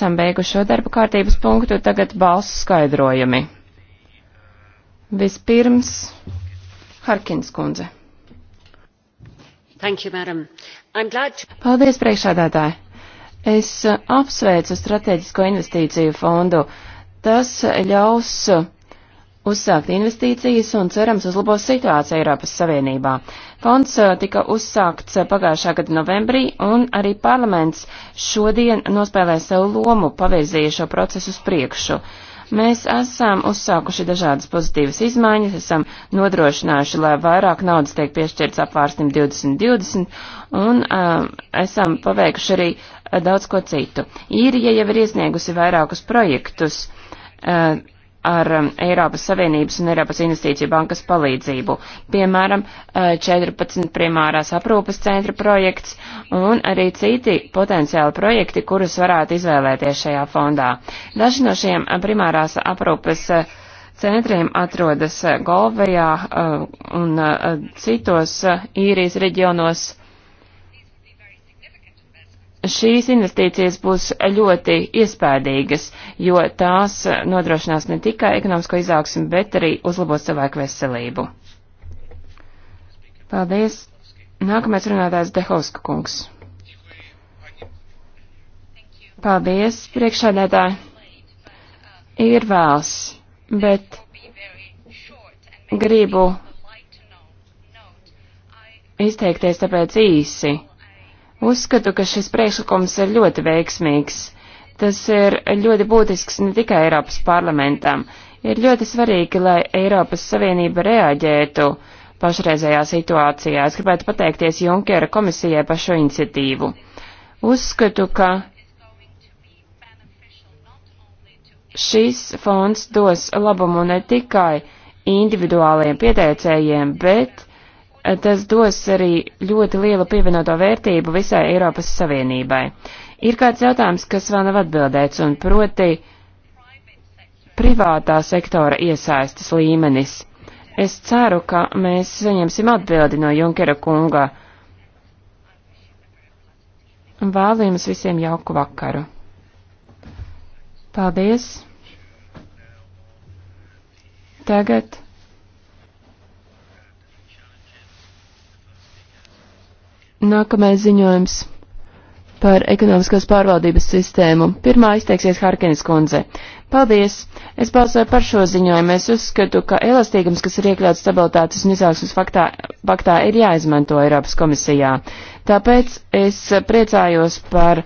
Esam beigušo darba kārtības punktu, tagad balsu skaidrojumi. Vispirms Harkins kundze. Thank you, madam. I'm glad to... Paldies, priekšādātāji. Es uh, apsveicu strateģisko investīciju fondu. Tas ļaus uzsākt investīcijas un cerams uzlabos situāciju Eiropas Savienībā. Fonds tika uzsākts pagājušā gada novembrī un arī parlaments šodien nospēlē savu lomu, pavirzīja šo procesu uz priekšu. Mēs esam uzsākuši dažādas pozitīvas izmaiņas, esam nodrošinājuši, lai vairāk naudas tiek piešķirts apvārstim 2020 un um, esam paveikuši arī daudz ko citu. Īrija jau ir iesniegusi vairākus projektus. Uh, ar um, Eiropas Savienības un Eiropas Investīciju bankas palīdzību. Piemēram, 14 uh, primārās aprūpas centra projekts un arī citi potenciāli projekti, kurus varētu izvēlēties šajā fondā. Daži no šiem uh, primārās aprūpas uh, centriem atrodas Golvejā un citos īrijas reģionos. Šīs investīcijas būs ļoti iespēdīgas, jo tās nodrošinās ne tikai ekonomisko izaugsmu, bet arī uzlabos cilvēku veselību. Paldies! Nākamais runātājs Dehovska kungs. Paldies, priekšsēdētāji. Ir vēls, bet gribu izteikties tāpēc īsi. Uzskatu, ka šis priekšlikums ir ļoti veiksmīgs. Tas ir ļoti būtisks ne tikai Eiropas parlamentam. Ir ļoti svarīgi, lai Eiropas Savienība reaģētu pašreizējā situācijā. Es gribētu pateikties Junkera komisijai par šo iniciatīvu. Uzskatu, ka šis fonds dos labumu ne tikai individuāliem pieteicējiem, bet tas dos arī ļoti lielu pievienoto vērtību visai Eiropas Savienībai. Ir kāds jautājums, kas vēl nav atbildēts, un proti privātā sektora iesaistas līmenis. Es ceru, ka mēs saņemsim atbildi no Junkera kunga. Vēlu jums visiem jauku vakaru. Paldies! Tagad. Nākamais ziņojums par ekonomiskās pārvaldības sistēmu. Pirmā izteiksies Harkins kundze. Paldies! Es balsoju par šo ziņojumu. Es uzskatu, ka elastīgums, kas ir iekļauts stabilitātes un izaugsmas faktā, faktā, ir jāizmanto Eiropas komisijā. Tāpēc es priecājos par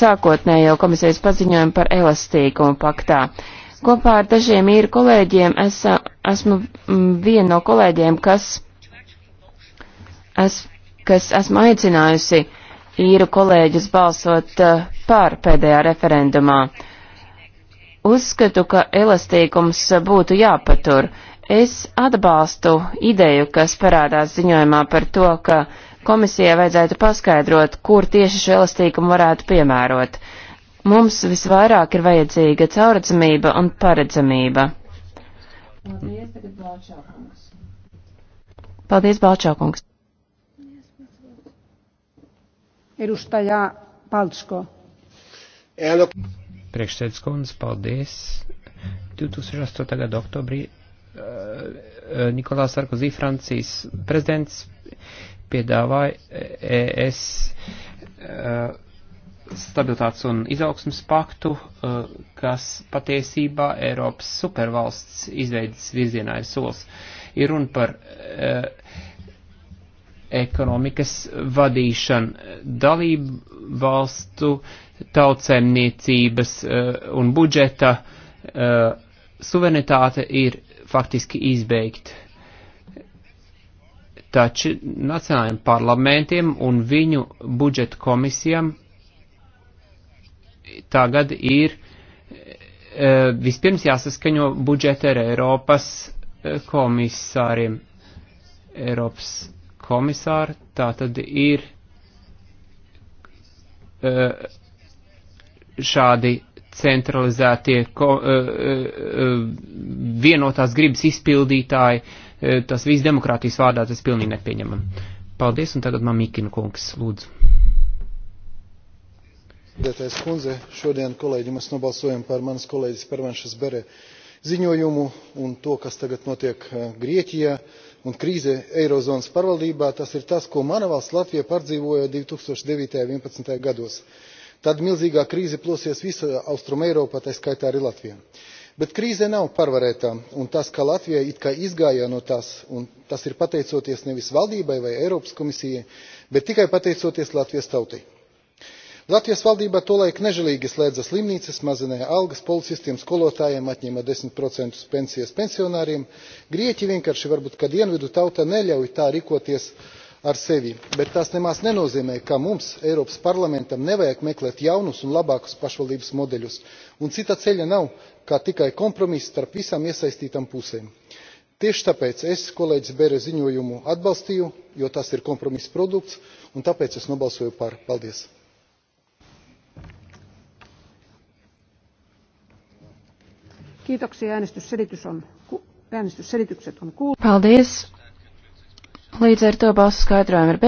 sākotnējo komisijas paziņojumu par elastīgumu paktā. Kopā ar dažiem īru kolēģiem es, esmu viena no kolēģiem, kas es kas esmu aicinājusi īru kolēģus balsot eh, par pēdējā referendumā. Uzskatu, ka elastīgums būtu jāpatur. Es atbalstu ideju, kas parādās ziņojumā par to, ka komisijai vajadzētu paskaidrot, kur tieši šo elastīgumu varētu piemērot. Mums visvairāk ir vajadzīga caurredzamība un paredzamība. Paldies, Balčākungs. Paldies, Balčākungs. Edustajā Paltsko. Priekšsēdus kundze, paldies. 2008. gada oktobrī eh, eh, Nikolās Sarkozī, Francijas prezidents, piedāvāja eh, ES stabilitātes un izaugsmas paktu, kas patiesībā Eiropas supervalsts izveidas virzienā ir solis. Ir runa par uh, ekonomikas vadīšana, dalību valstu tautsēmniecības eh, un budžeta eh, suverenitāte ir faktiski izbeigta. Taču nacionālajiem parlamentiem un viņu budžeta komisijām tagad ir eh, vispirms jāsaskaņo budžeta ar Eiropas komisāriem. Eiropas komisāri, tā tad ir e, šādi centralizētie e, e, vienotās gribas izpildītāji, tas viss demokrātijas vārdā, tas pilnīgi nepieņemam. Paldies, un tagad man Mikina kungs, lūdzu. Dētais kundze, šodien kolēģi mēs nobalsojam par manas kolēģis Pervanšas Bere ziņojumu un to, kas tagad notiek Grieķijā un krīze eirozonas pārvaldībā tas ir tas ko mana valsts latvija pārdzīvoja 2009.–2011. gados. tad milzīgā krīze plosies visā austrum eiropā tai skaitā arī latvijā. bet krīze nav pārvarēta un tas ka latvija it kā izgāja no tās un tas ir pateicoties nevis valdībai vai eiropas komisijai bet tikai pateicoties latvijas tautai latvijas valdība tolaik nežēlīgi slēdza slimnīcas mazināja algas policistiem skolotājiem atņēma desmit procentus pensijas pensionāriem. grieķi vienkārši varbūt ka dienvidu tauta neļauj tā rīkoties ar sevi bet tas nemaz nenozīmē ka mums eiropas parlamentam nevajag meklēt jaunus un labākus pašvaldības modeļus un cita ceļa nav kā tikai kompromiss starp visām iesaistītām pusēm. tieši tāpēc es kolēģes bere ziņojumu atbalstīju jo tas ir kompromisa produkts un tāpēc es nobalsoju par. paldies! Kiitoksia. Äänestysselitys on, äänestysselitykset on kuultu. Paldies. Līdz ar to balsu skaidrojumu ir.